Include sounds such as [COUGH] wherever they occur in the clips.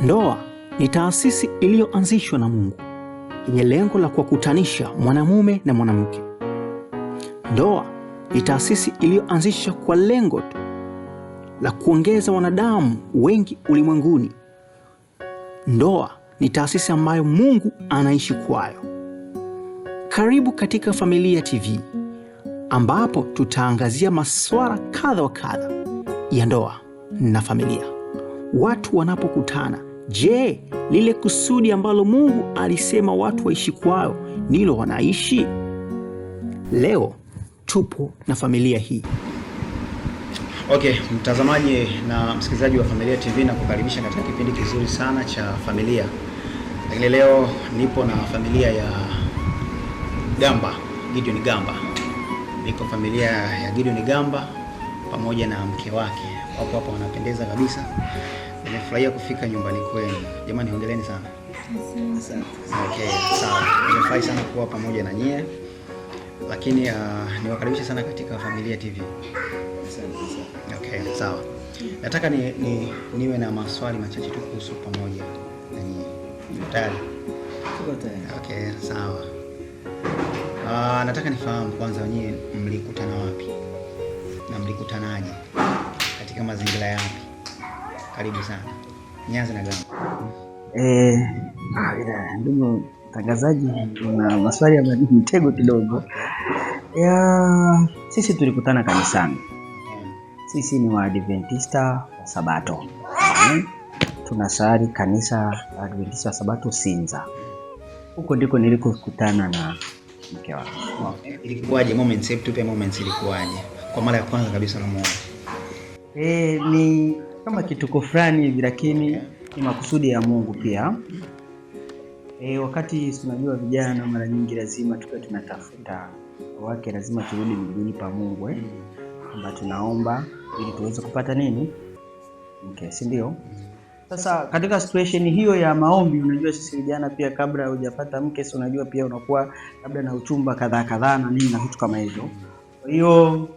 Ndoa ni taasisi iliyoanzishwa na Mungu yenye lengo la kuwakutanisha mwanamume na mwanamke. Ndoa ni taasisi iliyoanzishwa kwa lengo tu la kuongeza wanadamu wengi ulimwenguni. Ndoa ni taasisi ambayo Mungu anaishi kwayo. Karibu katika Familia TV ambapo tutaangazia masuala kadha wa kadha ya ndoa na familia watu wanapokutana. Je, lile kusudi ambalo Mungu alisema watu waishi kwao ndilo wanaishi? Leo tupo na familia hii. Okay, mtazamaji na msikilizaji wa Familia TV, na kukaribisha katika kipindi kizuri sana cha familia. Lakini leo nipo na familia ya Gamba, Gideon Gamba. Niko familia ya Gideon Gamba pamoja na mke wake wapo hapa, wanapendeza kabisa. Nimefurahia kufika nyumbani kwenu jamani, hongereni sana. Asante. Okay, sawa. Nimefurahi sana kuwa pamoja na nyie, lakini uh, ah, niwakaribisha sana katika Familia TV. Okay, sawa. Nataka ni, ni, niwe na maswali machache tu kuhusu pamoja na nyie. Tayari? Okay, sawa. Uh, nataka nifahamu kwanza nyie mlikutana wapi na mlikutanaje? katika mazingira yapi? Karibu sana, nianze na gani? Eh, ah, mtangazaji, una maswali ya mtego kidogo. Ya, sisi tulikutana kanisani. Sisi ni Waadventista wa Sabato, tunasali kanisa la Adventista wa Sabato Sinza. Huko ndiko nilikokutana na mke wangu. Ilikuwaje moments, tupe moments, ilikuwaje kwa mara ya kwanza kabisa namuona? E, ni kama kituko fulani hivi, lakini ni makusudi ya Mungu pia. E, wakati tunajua vijana mara nyingi lazima tukiwa tunatafuta wake lazima turudi miguuni pa Mungu eh, kwamba tunaomba ili tuweze kupata nini mke, si ndio? Sasa katika situation hiyo ya maombi, unajua sisi vijana pia, kabla hujapata mke, si unajua pia unakuwa labda na uchumba kadhaa kadhaa na nini na vitu kama hivyo. Kwa hiyo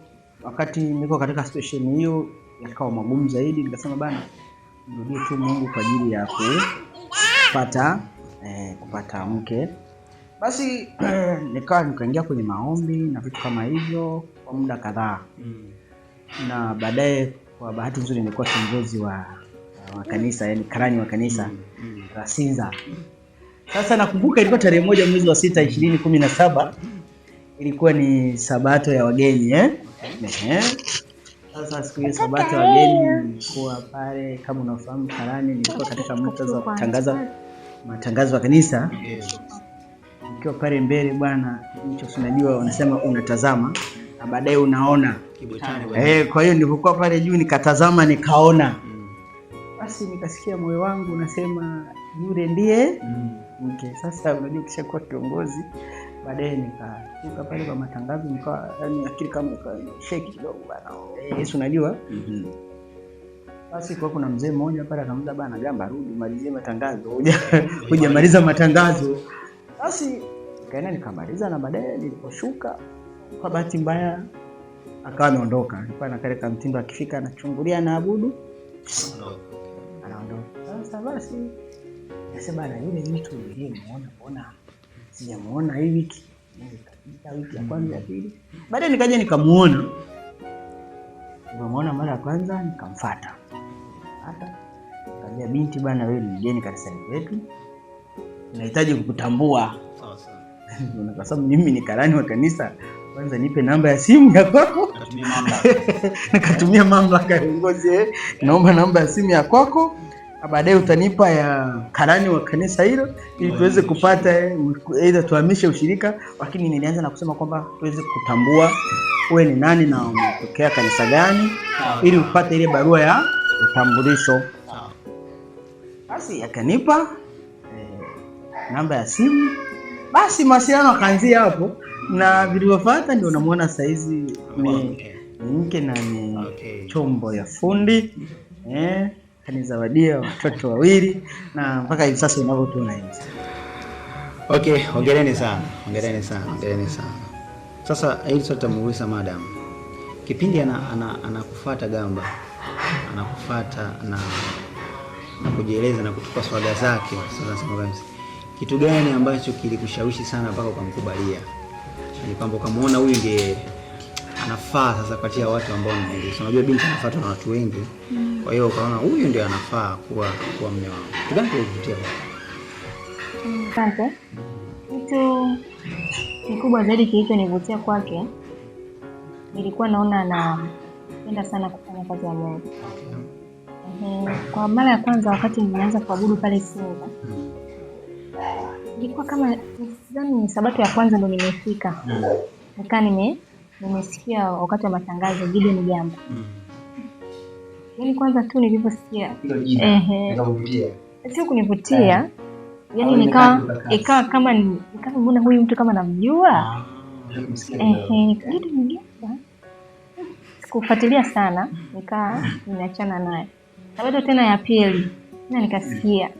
wakati niko katika situation hiyo yakawa magumu zaidi, nikasema bana, nirudie tu Mungu kwa ajili ya kupata eh, kupata mke. Basi [CLEARS THROAT] nikawa nikaingia kwenye maombi na vitu kama hivyo kwa muda kadhaa mm. na baadaye kwa bahati nzuri nilikuwa kiongozi wa, wa kanisa yani karani wa kanisa mm. mm, Rasinza. Sasa nakumbuka ilikuwa tarehe moja mwezi wa sita ishirini kumi na saba ilikuwa ni sabato ya wageni eh? Okay. Sasa siku hiyo Sabato wageni nilikuwa pale, kama unafahamu Karani, nilikuwa katika muktadha wa kutangaza matangazo ya kanisa nikiwa pale mbele bwana, hicho unajua wanasema unatazama na baadaye unaona. Eh, kwa hiyo nilipokuwa pale juu nikatazama nikaona, basi nikasikia moyo wangu unasema yule ndiye mke. Mm. Sasa unajua ukishakuwa kiongozi baadaye nikafika pale kwa matangazo, nikawa yani akili kama ikasheki kidogo bana, eh, Yesu unajua. Mhm. Basi kwa kuna mzee mmoja pale akamuza bana, gamba rudi malizie matangazo, [LAUGHS] hujamaliza matangazo. Basi nikaenda nikamaliza, na baadaye niliposhuka, kwa bahati mbaya akawa ameondoka. Alikuwa nakareka mtindo akifika anachungulia, abudu anaondoka. Sasa basi nasema, na yule mtu niliyemuona mbona sijamuona hii wiki wiki ya kwanza ya pili, baadaye nikaja nikamuona. Nimemuona mara ya kwanza nikamfuata, hata kaja, binti, bana wewe ni mgeni kanisani kwetu, nahitaji kukutambua [LAUGHS] kwa sababu mimi ni karani wa kanisa. Kwanza nipe namba ya simu ya kwako. [LAUGHS] Nikatumia mamlaka ya uongozi, eh. naomba namba ya simu ya kwako baadaye utanipa ya karani wa kanisa hilo ili tuweze kupata aidha tuhamishe ushirika, lakini nilianza na kusema kwamba tuweze kutambua wewe ni nani na umetokea kanisa gani, ili upate ile barua ya utambulisho. Basi akanipa e, eh, namba ya simu, basi mawasiliano akaanzia hapo, na vilivyofuata ndio unamwona saizi ni mke na ni chombo ya fundi eh kanizawadia watoto wawili na mpaka hivi sasa inavyotuna hivi. Okay, hongereni sana, hongereni sana, hongereni sana. Sasa hili swali tamuuliza madam, kipindi anakufuata ana, ana gamba anakufuata na na kujieleza na kutupa swaga zake, kitu gani ambacho kilikushawishi sana mpaka ukamkubalia? Ni yaani kwamba ukamwona huyu ndiye nafaa sasa kati ya watu ambao naeleza. Unajua binti anafuatwa na watu wengi, mm. kwa hiyo ukaona huyu ndio anafaa kuwa kuwa mume wangu. Kidogo kuvutia asante. Kitu kikubwa zaidi kilichonivutia kwake, nilikuwa naona anapenda sana kufanya kazi ya Mungu. Eh, kwa mara ya kwanza wakati nilianza kuabudu pale Sinza, mm. ilikuwa kama sidhani, ni sabato ya kwanza ndo nimefika, mm. nikaa nime Nimesikia wakati wa matangazo Gidi ni jambo mm. Yaani kwanza tu nilivyosikia sio kunivutia yeah. Yaani nikawa ikawa kama nikawa mbona huyu mtu kama namjua Gidi ah, ni jambo, sikufuatilia sana, nikaa nimeachana naye bado tena ya pili na nikasikia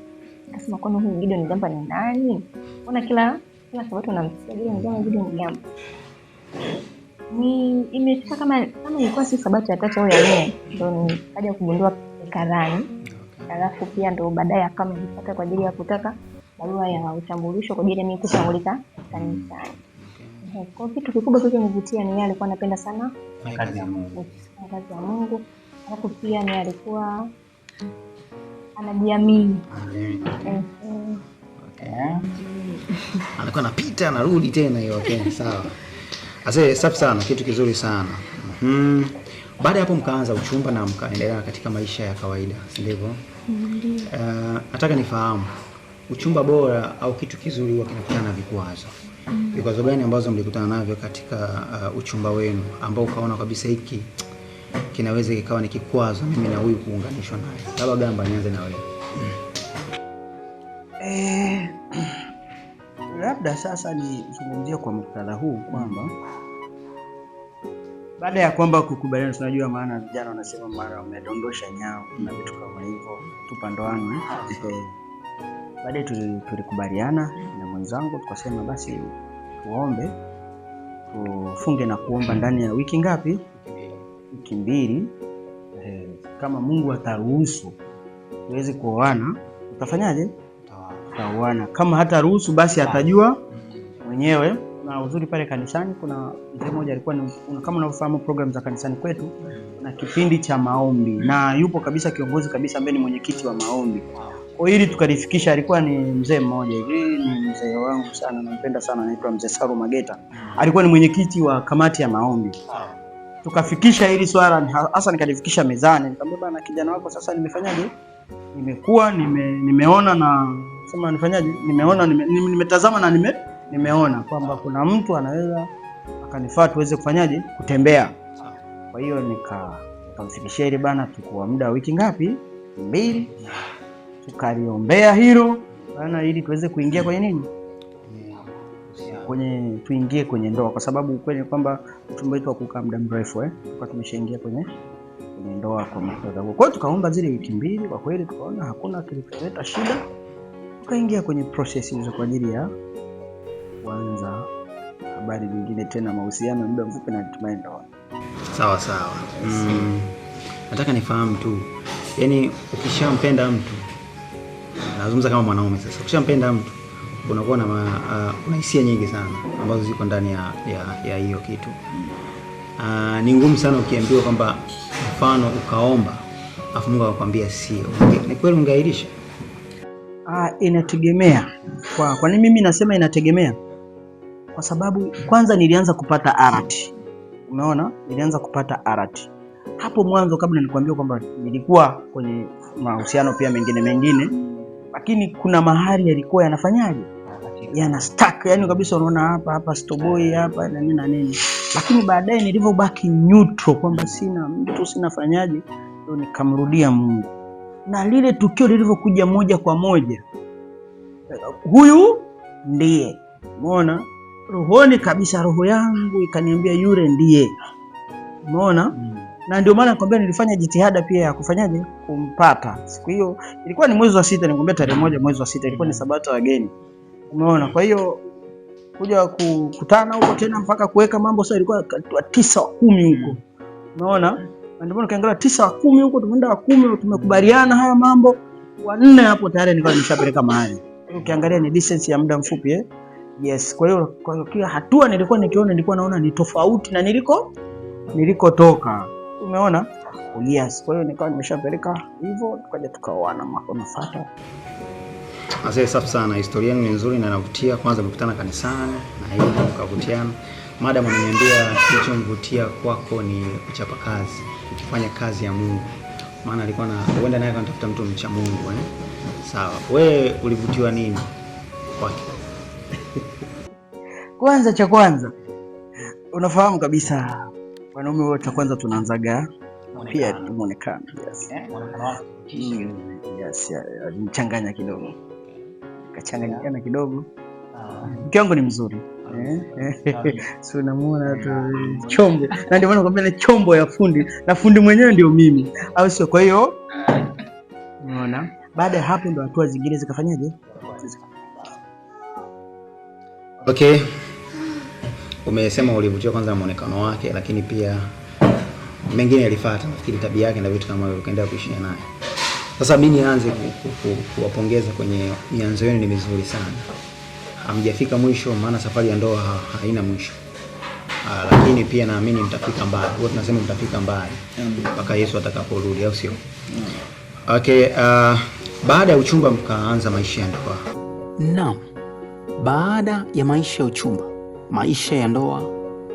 nikasema, kwani huyu Gideon Jambo ni nani? Mbona kila kila sabato unamsikia Gideon Mgamba, Gideon Jambo ni imefika kama kama ilikuwa si sabato ya tatu au ya nne, ndo nikaja kugundua karani. Alafu pia ndo baadaye akawa amejipata kwa ajili ya kutaka barua ya utambulisho kwa ajili ya mimi kutambulika kanisani. Mm. Kwa kitu kikubwa kilichonivutia ni yeye alikuwa anapenda sana kazi ya Mungu, kazi ya Mungu. Alafu pia ni alikuwa anajiamini alikuwa anapita anarudi tena hiyo. Okay, sawa Ase, safi sana, kitu kizuri sana. Mm -hmm. Baada ya hapo mkaanza uchumba na mkaendelea katika maisha ya kawaida, si ndivyo? Uh, nataka nifahamu uchumba bora au kitu kizuri huwa kinakutana na vikwazo. Mm. Vikwazo gani ambazo mlikutana navyo katika uh, uchumba wenu ambao ukaona kabisa hiki kinaweza kikawa ni kikwazo mimi na huyu kuunganishwa naye? Labda gamba, nianze na wewe. Eh, [CLEARS THROAT] labda sasa nizungumzie kwa muktadha huu kwamba mm baada ya kwamba kukubaliana, tunajua maana vijana wanasema mara wamedondosha nyao na vitu kama hivyo, tupandoana. Baadaye tulikubaliana na mwenzangu tukasema basi tuombe, tufunge na kuomba ndani ya wiki ngapi? Wiki mbili. Eh, kama Mungu ataruhusu tuweze kuoana, utafanyaje? Utaoana. Kama hata ruhusu basi atajua mwenyewe na uzuri pale kanisani kuna mzee mmoja alikuwa ni, kama unavyofahamu program za kanisani kwetu na kipindi cha maombi, na yupo kabisa kiongozi kabisa ambaye ni mwenyekiti wa maombi kwa hili tukalifikisha. Alikuwa ni mzee mmoja hivi, ni mzee wangu sana, nampenda sana, anaitwa mzee Saru Mageta. Alikuwa ni mwenyekiti wa kamati ya maombi tukafikisha hili swala hasa, nikalifikisha mezani, nikamwambia bana, kijana wako sasa, nimefanyaje? Nimekuwa nime, nimeona na sema nifanyaje? Nimeona nimetazama nime, nime, nime na nime nimeona kwamba kuna mtu anaweza akanifaa tuweze kufanyaje kutembea. Kwa hiyo nikamfikishia ile bana, tukua muda wa wiki ngapi mbili, tukaliombea hilo bana, ili tuweze kuingia kwenye nini kwenye tuingie kwenye ndoa, kwa sababu ukweli kwamba uchumba wetu hakukaa muda mrefu eh, kwa tumeshaingia kwenye kwenye ndoa kwa mtoto wangu. Kwa hiyo tukaomba zile wiki mbili, kwa kweli tukaona hakuna kilicholeta shida, tukaingia kwenye process hizo kwa ajili ya kuanza habari nyingine tena, mahusiano muda mfupi na hatimaye ndoa. Sawa sawa. Mm, nataka nifahamu tu, yaani ukishampenda mtu, nazungumza kama mwanaume sasa, ukishampenda mtu unakuwa na uh, una hisia nyingi sana ambazo ziko ndani ya ya hiyo kitu. Uh, ni ngumu sana ukiambiwa kwamba mfano ukaomba afu Mungu akakwambia sio, ni kweli ungeahirisha? Ah, inategemea kwa kwa nini mimi nasema inategemea kwa sababu kwanza nilianza kupata art umeona, nilianza kupata arati hapo mwanzo, kabla nilikwambia kwamba nilikuwa kwenye mahusiano pia mengine mengine, lakini kuna mahali yalikuwa yanafanyaje, yana stack yani kabisa, unaona hapa hapa stoboy hapa na nini na nini, lakini baadaye nilivyobaki neutral kwamba sina mtu fanyaje ndio nikamrudia Mungu na lile tukio lilivyokuja moja kwa moja, huyu ndiye umeona rohoni kabisa, roho yangu ikaniambia yule ndiye. Umeona? mm. na ndio maana nikwambia nilifanya jitihada pia ya kufanyaje kumpata siku hiyo, ilikuwa ni mwezi wa sita, nikwambia tarehe moja mwezi wa sita ilikuwa ni mm. Sabato wageni. Umeona? kwa hiyo kuja kukutana huko tena mpaka kuweka mambo sasa, ilikuwa tisa wa kumi huko. Mm. Umeona? ndio maana kaangalia tisa wa kumi huko tumeenda wa kumi, tumekubaliana haya mambo wa nne, hapo tayari nikawa nimeshapeleka mahali. Ukiangalia ni distance ya muda mfupi eh. Yes, kwa hiyo kwa kila hatua nilikuwa nikiona nilikuwa naona ni tofauti na niliko nilikotoka. Umeona? Oh, yes, kwa hiyo nikawa nimeshapeleka hivyo, tukaja tukaoana mwaka unafuata. Asante safi sana, historia ni nzuri na inavutia. Kwanza mkutana kanisani na hivi mkavutiana. Madam ameniambia kilichomvutia kwako ni kuchapa kazi, kufanya kazi ya Mungu, maana alikuwa na huenda naye akamtafuta mtu mcha Mungu eh? Sawa, wewe ulivutiwa nini kwake? Kwanza cha kwanza unafahamu kabisa wanaume wote kwanza tunaanzaga pia muonekano. Yes. Eh, mm, yes, alichanganya kidogo kachanganyikana kidogo. Ah. Mke wangu ni mzuri ah. Eh, ah. [LAUGHS] si unamuona tu chombo, na ndio maana nakwambia ni chombo ya fundi na fundi mwenyewe ndio mimi, au sio? Kwa hiyo unaona, baada ya hapo ndo hatua zingine zikafanyaje? Okay. Umesema ulivutiwa kwanza na muonekano wake, lakini pia mengine yalifuata, nafikiri tabia yake na vitu kama hivyo, ukaendelea kuishi naye. Sasa mimi nianze kuwapongeza kwenye mianzo yenu, ni mizuri sana, hamjafika mwisho, maana safari ya ndoa haina mwisho. Aa, ah, lakini pia naamini mtafika mbali. Huwa tunasema mtafika mbali mm. mpaka Yesu atakaporudi, au sio? Mm. Okay, uh, baada ya uchumba mkaanza maisha ya ndoa. Naam. Baada ya maisha ya uchumba, maisha ya ndoa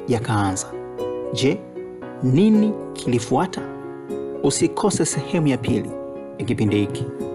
yakaanza. Je, nini kilifuata? Usikose sehemu ya pili ya kipindi hiki.